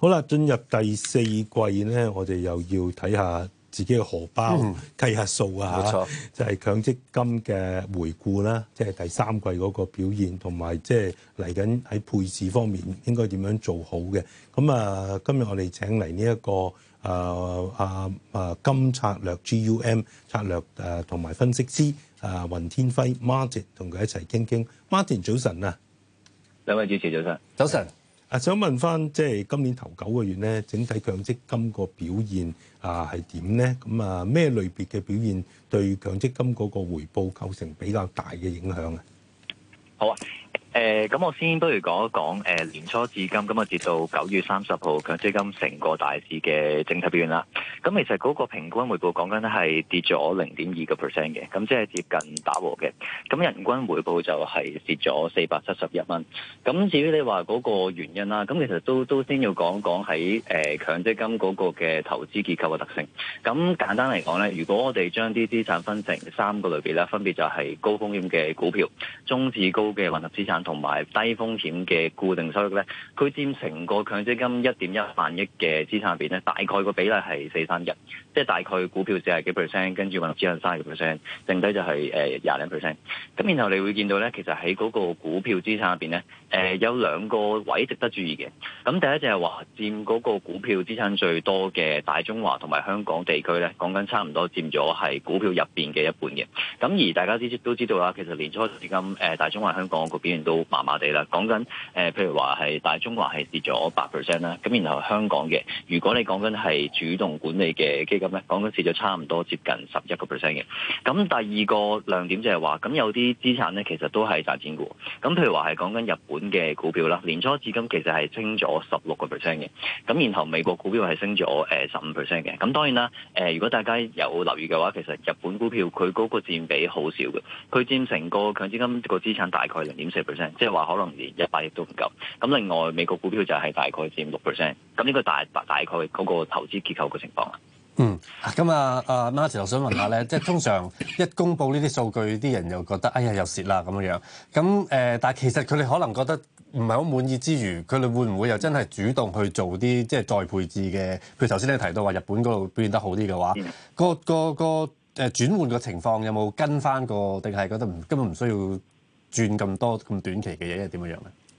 好啦，進入第四季咧，我哋又要睇下自己嘅荷包，嗯、計下數啊嚇，冇錯，就係強積金嘅回顧啦，即係第三季嗰個表現，同埋即係嚟緊喺配置方面應該點樣做好嘅。咁啊，今日我哋請嚟呢一個啊啊啊金策略 GUM 策略誒同埋分析師啊雲天輝 Martin 同佢一齊傾傾。Martin 早晨啊，兩位主持早晨，係早晨。啊！想問翻即係今年頭九個月咧，整體強積金個表現啊係點咧？咁啊咩類別嘅表現對強積金嗰個回報構成比較大嘅影響啊？好啊！誒，咁、呃、我先不如講一講，誒、呃、年初至今咁啊，今跌到九月三十號強積金成個大市嘅整體表現啦。咁其實嗰個平均回報講緊係跌咗零點二個 percent 嘅，咁即係接近打和嘅。咁人均回報就係蝕咗四百七十一蚊。咁至於你話嗰個原因啦，咁其實都都先要講講喺誒強積金嗰個嘅投資結構嘅特性。咁簡單嚟講咧，如果我哋將啲資產分成三個類別咧，分別就係高風險嘅股票、中至高嘅混合資產。同埋低風險嘅固定收益咧，佢佔成個強積金一點一萬億嘅資產入邊咧，大概個比例係四三一，即係大概股票四十幾 percent，跟住混合資產三十幾 percent，剩低就係誒廿零 percent。咁然後你會見到咧，其實喺嗰個股票資產入邊咧，誒、呃、有兩個位值得注意嘅。咁第一就係話佔嗰個股票資產最多嘅大中華同埋香港地區咧，講緊差唔多佔咗係股票入邊嘅一半嘅。咁而大家知都知道啦，其實年初至今誒、呃、大中華香港個表現都麻麻地啦，講緊誒，譬如話係大中華係跌咗八 percent 啦，咁然後香港嘅，如果你講緊係主動管理嘅基金咧，講緊跌咗差唔多接近十一個 percent 嘅。咁第二個亮點就係話，咁有啲資產咧，其實都係賺錢嘅。咁譬如話係講緊日本嘅股票啦，年初至今其實係升咗十六個 percent 嘅。咁然後美國股票係升咗誒十五 percent 嘅。咁當然啦，誒，如果大家有留意嘅話，其實日本股票佢嗰個佔比好少嘅，佢佔成個強積金個資產大概零點四 percent。即係話可能連一百億都唔夠，咁另外美國股票就係大概佔六 percent，咁呢個大大概嗰個投資結構嘅情況啊嗯，咁啊，阿孖仔我想問下咧， 即係通常一公布呢啲數據，啲人又覺得哎呀又蝕啦咁樣樣，咁誒、呃，但係其實佢哋可能覺得唔係好滿意之餘，佢哋會唔會又真係主動去做啲即係再配置嘅？譬如頭先你提到話日本嗰度表現得好啲嘅話，個個個誒轉換嘅情況有冇跟翻個，定係覺得唔根本唔需要？轉咁多咁短期嘅嘢係點樣樣咧？誒呢、啊，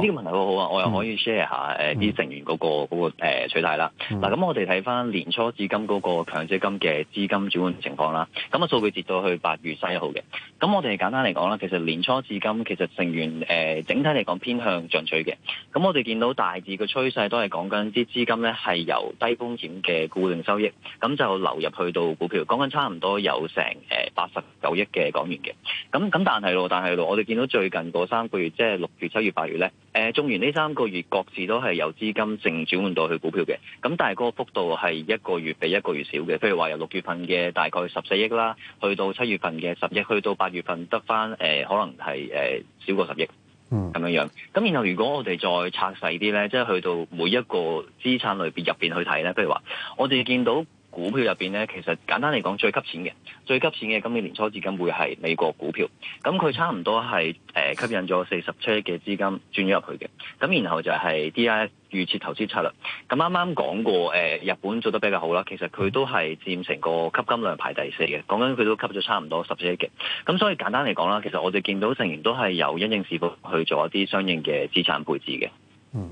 這個問題好好啊，嗯、我又可以 share 下誒啲成員嗰個嗰取態啦。嗱、啊，咁、啊嗯、我哋睇翻年初至今嗰個強積金嘅資金轉換情況啦。咁啊數據截到去八月十一號嘅。咁我哋簡單嚟講啦，其實年初至今其實成員誒、呃、整體嚟講偏向進取嘅。咁我哋見到大致嘅趨勢都係講緊啲資金咧係由低風險嘅固定收益咁就流入去到股票，講緊差唔多有成誒八十九億嘅港元嘅。咁咁但係咯，但係咯，我哋見到最近嗰三個月即係六月、七月八月咧，誒，中完呢三個月，各自都係有資金淨轉換到去股票嘅，咁但係個幅度係一個月比一個月少嘅，譬如話由六月份嘅大概十四億啦，去到七月份嘅十億，去到八月份得返誒，可能係誒少過十億，嗯，咁樣樣。咁然後如果我哋再拆細啲咧，即係去到每一個資產類別入邊去睇咧，譬如話我哋見到。股票入邊咧，其實簡單嚟講，最急錢嘅、最急錢嘅今年年初至今會係美國股票，咁佢差唔多係誒吸引咗四十七億嘅資金轉咗入去嘅。咁然後就係 DIA 預設投資策略，咁啱啱講過誒、呃、日本做得比較好啦，其實佢都係佔成個吸金量排第四嘅，講緊佢都吸咗差唔多十四億嘅。咁所以簡單嚟講啦，其實我哋見到成員都係有因應市況去做一啲相應嘅資產配置嘅。嗯。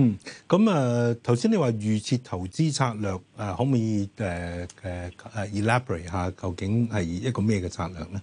嗯，咁啊，頭先你話預設投資策略，誒、啊，可唔可以誒誒誒 elaborate 下，究竟係一個咩嘅策略咧？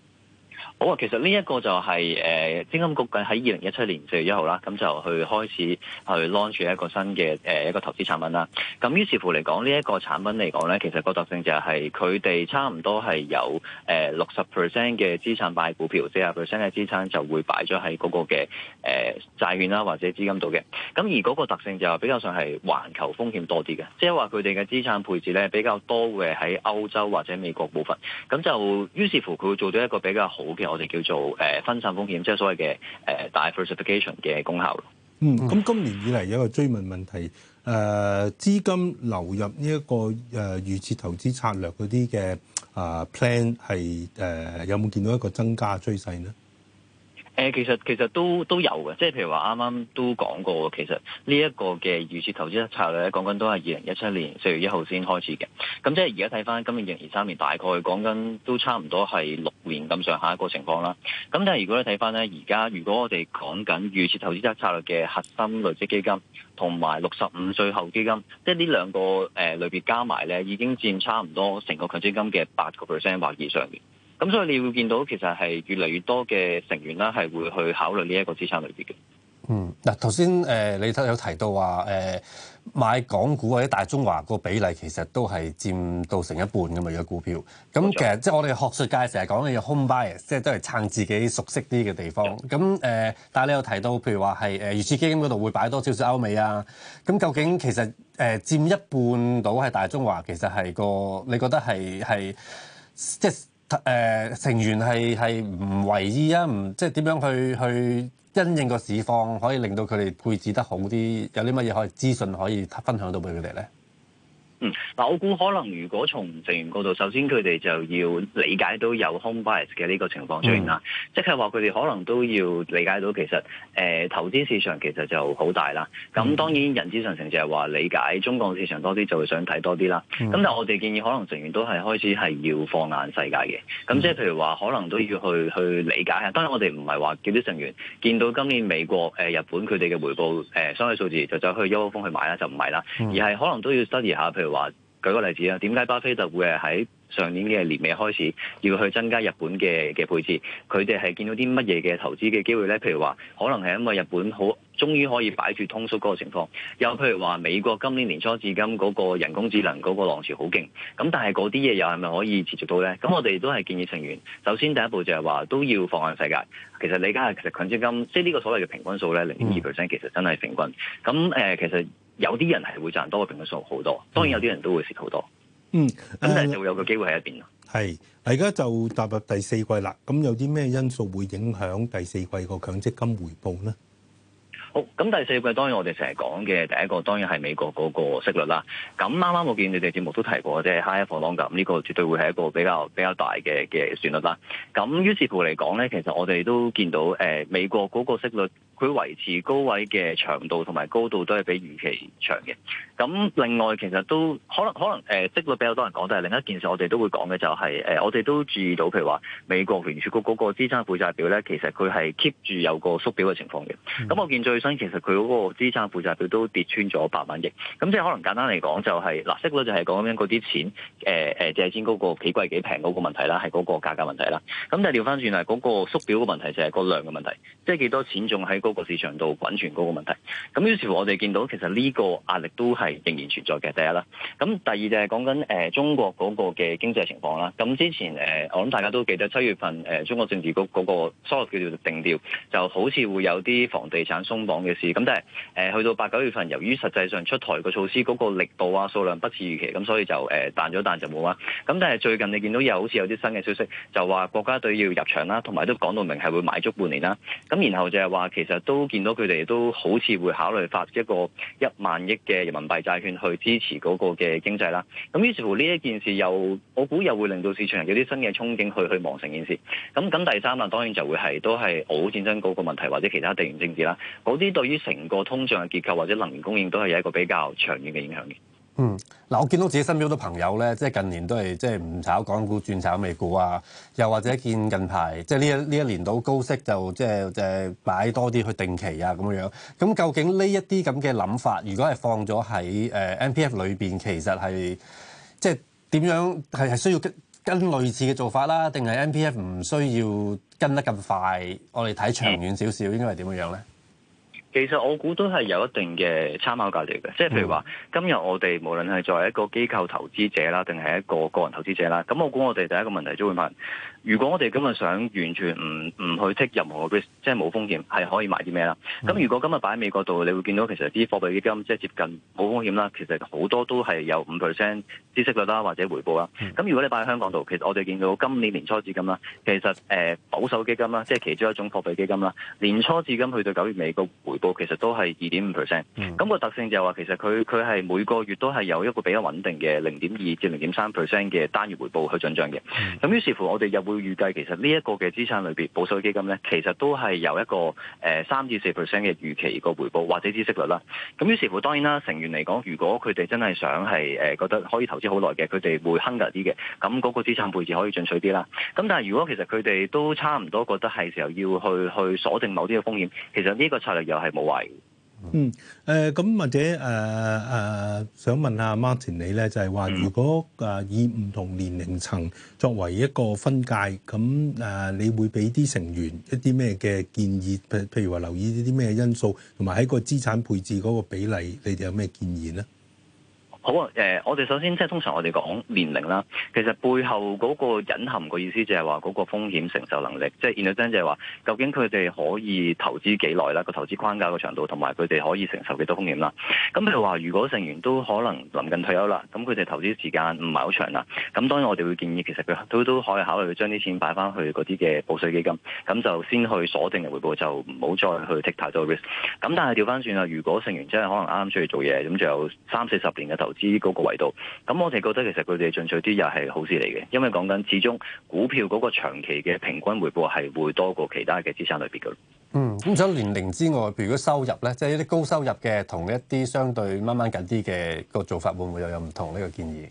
好啊，其實呢一個就係、是、誒，積金局喺二零一七年四月一號啦，咁就去開始去 launch 一個新嘅誒、呃、一個投資產品啦。咁於是乎嚟講，呢、這、一個產品嚟講咧，其實個特性就係佢哋差唔多係有誒六十 percent 嘅資產擺股票，四十 percent 嘅資產就會擺咗喺嗰個嘅誒債券啦或者資金度嘅。咁而嗰個特性就比較上係環球風險多啲嘅，即係話佢哋嘅資產配置咧比較多會喺歐洲或者美國部分。咁就於是乎佢會做到一個比較好嘅。我哋叫做誒分散風險，即係所謂嘅誒 diversification 嘅功效咯。嗯，咁今年以嚟有一個追問問題，誒、呃、資金流入呢、這、一個誒預設投資策略嗰啲嘅誒 plan，係誒、呃、有冇見到一個增加嘅趨勢呢？誒、呃，其實其實都都有嘅，即係譬如話啱啱都講過，其實呢一個嘅預設投資策略咧，講緊都係二零一七年四月一號先開始嘅。咁即係而家睇翻今年二零二三年，大概講緊都差唔多係六年咁上下一個情況啦。咁但係如果你睇翻咧，而家如果我哋講緊預設投資策略嘅核心累積基金同埋六十五歲後基金，即係呢兩個誒類別加埋咧，已經佔差唔多成個強積金嘅八個 percent 或以上嘅。咁所以你會見到其實係越嚟越多嘅成員啦，係會去考慮呢一個資產類別嘅。嗯，嗱頭先誒你有提到話誒、呃、買港股或者大中華個比例其實都係佔到成一半咁嘅股票。咁錯其實即係我哋學術界成日講嘅 home buy，即係都係撐自己熟悉啲嘅地方。咁誒的、呃，但係你有提到譬如話係誒恆指基金嗰度會擺多少少歐美啊？咁究竟其實誒、呃、佔一半到係大中華，其實係個你覺得係係即係？誒、呃、成員係係唔為意啊，唔即係點樣去去因應個市況，可以令到佢哋配置得好啲，有啲乜嘢可以資訊可以分享到俾佢哋呢？嗱，我估可能如果從成員角度，首先佢哋就要理解到有 home bias 嘅呢個情況出現啦，mm hmm. 即係話佢哋可能都要理解到其實誒、呃、投資市場其實就好大啦。咁、mm hmm. 當然，人之常情就係話理解中國市場多啲就會想睇多啲啦。咁、mm hmm. 但係我哋建議可能成員都係開始係要放眼世界嘅。咁即係譬如話，可能都要去去理解下。當然我哋唔係話叫啲成員見到今年美國誒、呃、日本佢哋嘅回報誒、呃、相對數字就走去一窩蜂去買啦，就唔係啦，hmm. 而係可能都要 study 下，譬如話。舉個例子啊，點解巴菲特會係喺上年嘅年尾開始要去增加日本嘅嘅配置？佢哋係見到啲乜嘢嘅投資嘅機會咧？譬如話，可能係因為日本好，終於可以擺脫通縮嗰個情況。又譬如話，美國今年年初至今嗰個人工智能嗰個浪潮好勁。咁但係嗰啲嘢又係咪可以持續到咧？咁我哋都係建議成員，首先第一步就係話都要放眼世界。其實你而家其實強積金，即係呢個所謂嘅平均數咧，零點二 percent 其實真係平均。咁誒、呃，其實。有啲人係會賺多個平均數好多，當然有啲人都會蝕好多。嗯，咁咧就會有個機會喺一邊啦。係、嗯，而家就踏入第四季啦。咁有啲咩因素會影響第四季個強積金回報咧？好，咁第四季當然我哋成日講嘅，第一個當然係美國嗰個息率啦。咁啱啱我見你哋節目都提過，即係 high for long 呢個絕對會係一個比較比較大嘅嘅旋律啦。咁於是乎嚟講咧，其實我哋都見到誒美國嗰個息率，佢維持高位嘅長度同埋高度都係比預期長嘅。咁另外其實都可能可能誒息率比較多人講，但係另一件事我哋都會講嘅就係誒我哋都注意到，譬如話美國聯儲局嗰個資產負債表咧，其實佢係 keep 住有個縮表嘅情況嘅。咁我見最其實佢嗰個資產負債表都跌穿咗八萬億，咁即係可能簡單嚟講就係、是，嗱，息率就係講緊嗰啲錢，誒、呃、誒借錢嗰個幾貴幾平嗰個問題啦，係嗰個價格問題啦。咁但係調翻轉嚟，嗰個縮表嘅問題就係個量嘅問題，即係幾多錢仲喺嗰個市場度滾存嗰個問題。咁於是乎、那個就是、我哋見到其實呢個壓力都係仍然存在嘅，第一啦。咁第二就係講緊誒中國嗰個嘅經濟情況啦。咁之前誒我諗大家都記得七月份誒中國政治局嗰個，sorry 叫做定調，就好似會有啲房地產鬆嘅事。咁但係誒、呃、去到八九月份，由於實際上出台個措施嗰個力度啊數量不似預期，咁所以就誒彈咗彈就冇啦。咁但係最近你見到又好似有啲新嘅消息，就話國家隊要入場啦，同埋都講到明係會買足半年啦。咁然後就係話其實都見到佢哋都好似會考慮發一個一萬億嘅人民幣債券去支持嗰個嘅經濟啦。咁於是乎呢一件事又我估又會令到市場人有啲新嘅憧憬去去望成件事。咁咁第三啊，當然就會係都係俄烏戰爭嗰個問題或者其他地緣政治啦。嗰啲對於成個通脹嘅結構或者能源供應都係有一個比較長遠嘅影響嘅。嗯，嗱，我見到自己身邊好多朋友咧，即係近年都係即係唔炒港股，轉炒美股啊。又或者見近排即係呢一呢一年度高息就，就即係誒擺多啲去定期啊咁樣。咁究竟呢一啲咁嘅諗法，如果係放咗喺誒 MPF 裏邊，其實係即係點樣係係需要跟跟類似嘅做法啦？定係 MPF 唔需要跟得咁快？我哋睇長遠少少，嗯、應該係點樣咧？其實我估都係有一定嘅參考價值嘅，即係譬如話，嗯、今日我哋無論係作為一個機構投資者啦，定係一個個人投資者啦，咁我估我哋第一個問題都會問。如果我哋今日想完全唔唔去 take 任何 risk，即係冇風險，係可以買啲咩啦？咁如果今日擺喺美國度，你會見到其實啲貨幣基金即係接近冇風險啦。其實好多都係有五 percent 利息率啦，或者回報啦。咁如果你擺喺香港度，其實我哋見到今年年初至今啦，其實誒保守基金啦，即係其中一種貨幣基金啦，年初至今去到九月尾個回報其實都係二點五 percent。咁個特性就係話其實佢佢係每個月都係有一個比較穩定嘅零點二至零點三 percent 嘅單月回報去進賬嘅。咁於是乎我哋又會。要預計其實呢一個嘅資產類別，保守基金咧，其實都係有一個誒三至四 percent 嘅預期個回報或者孳息率啦。咁於是乎，當然啦，成員嚟講，如果佢哋真係想係誒、呃、覺得可以投資好耐嘅，佢哋會慳啲嘅，咁嗰個資產配置可以進取啲啦。咁但係如果其實佢哋都差唔多覺得係時候要去去鎖定某啲嘅風險，其實呢個策略又係冇壞。嗯，誒、呃、咁或者誒誒、呃呃，想問下 Martin 你咧，就係、是、話如果誒、呃、以唔同年齡層作為一個分界，咁、嗯、誒、呃，你會俾啲成員一啲咩嘅建議？譬譬如話留意啲啲咩因素，同埋喺個資產配置嗰個比例，你哋有咩建議咧？好啊，誒、呃，我哋首先即係通常我哋講年齡啦，其實背後嗰個隱含個意思就係話嗰個風險承受能力，即係 i n t 就係、是、話究竟佢哋可以投資幾耐啦，個投資框架個長度，同埋佢哋可以承受幾多風險啦。咁譬如話如果成員都可能臨近退休啦，咁佢哋投資時間唔係好長啦，咁當然我哋會建議其實佢都都可以考慮將啲錢擺翻去嗰啲嘅保稅基金，咁就先去鎖定嘅回報就唔好再去 take 太多 risk。咁但係調翻轉啦，如果成員真係可能啱啱出去做嘢，咁就有三四十年嘅投之嗰個維度，咁我哋覺得其實佢哋進取啲又係好事嚟嘅，因為講緊始終股票嗰個長期嘅平均回報係會多過其他嘅資產類別噶。嗯，咁除咗年齡之外，譬如果收入咧，即係一啲高收入嘅，同一啲相對掹掹緊啲嘅個做法會唔會又有唔同呢個建議？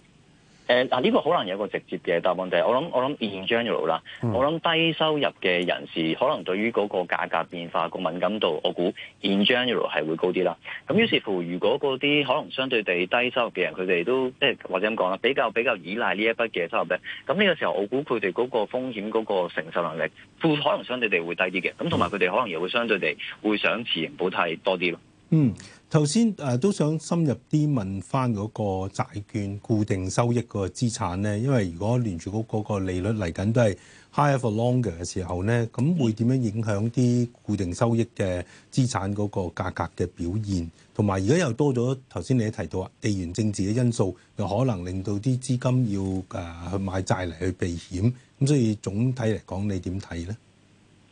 誒，嗱呢個可能有個直接嘅答案，就係我諗我諗 in general 啦，我諗低收入嘅人士可能對於嗰個價格變化、嗰個敏感度，我估 in general 係會高啲啦。咁於是乎，如果嗰啲可能相對地低收入嘅人，佢哋都即係或者咁講啦，比較比較依賴呢一筆嘅收入咧，咁呢個時候我估佢哋嗰個風險嗰個承受能力，會可能相對地會低啲嘅。咁同埋佢哋可能又會相對地會想持盈保泰多啲咯。嗯，頭先誒都想深入啲問翻嗰個債券固定收益個資產咧，因為如果聯儲局嗰個利率嚟緊都係 high for longer 嘅時候咧，咁會點樣影響啲固定收益嘅資產嗰個價格嘅表現？同埋而家又多咗頭先你提到啊，地緣政治嘅因素又可能令到啲資金要誒去、啊、買債嚟去避險，咁所以總體嚟講，你點睇咧？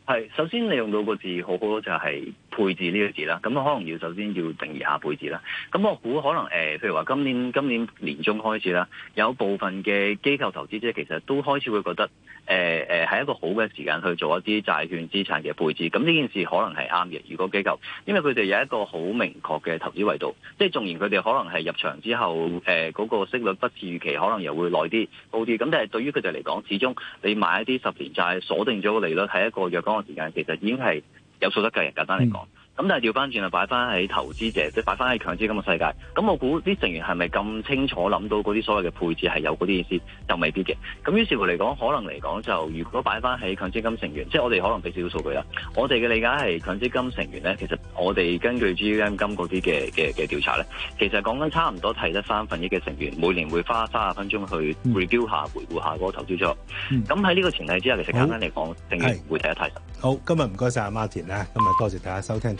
係，首先你用到個字、就是，好好就係。配置呢個字啦，咁可能要首先要定義下配置啦。咁我估可能誒、呃，譬如話今年今年年中開始啦，有部分嘅機構投資者其實都開始會覺得誒誒係一個好嘅時間去做一啲債券資產嘅配置。咁呢件事可能係啱嘅。如果機構，因為佢哋有一個好明確嘅投資維度，即係縱然佢哋可能係入場之後誒嗰、呃那個息率不似預期，可能又會耐啲高啲。咁但係對於佢哋嚟講，始終你買一啲十年債，鎖定咗個利率係一個若干嘅時間，其實已經係。有素質嘅人，簡單嚟講。 咁但係調翻轉啊，擺翻喺投資者，即係擺翻喺強積金嘅世界。咁我估啲成員係咪咁清楚諗到嗰啲所謂嘅配置係有嗰啲意思，就未必嘅。咁於是乎嚟講，可能嚟講就，如果擺翻喺強積金成員，即係我哋可能俾少少數據啦。我哋嘅理解係強積金成員咧，其實我哋根據 GM、UM、金嗰啲嘅嘅嘅調查咧，其實講緊差唔多提得三分一嘅成員，每年會花三十分鐘去 r e 下、嗯、回顧下嗰個投資桌。咁喺呢個前提之下，其實簡單嚟講，好成員會第一太實。好，今日唔該晒阿 m 田 r 今日多謝，謝大家收聽。